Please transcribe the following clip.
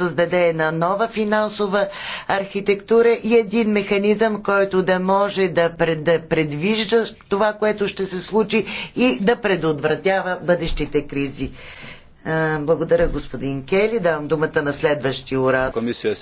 създаде една нова финансова архитектура и един механизъм, който да може да, пред, да предвижда това, което ще се случи и да предотвратява бъдещите кризи. Благодаря, господин Кели. Давам думата на следващия оратор. Комисия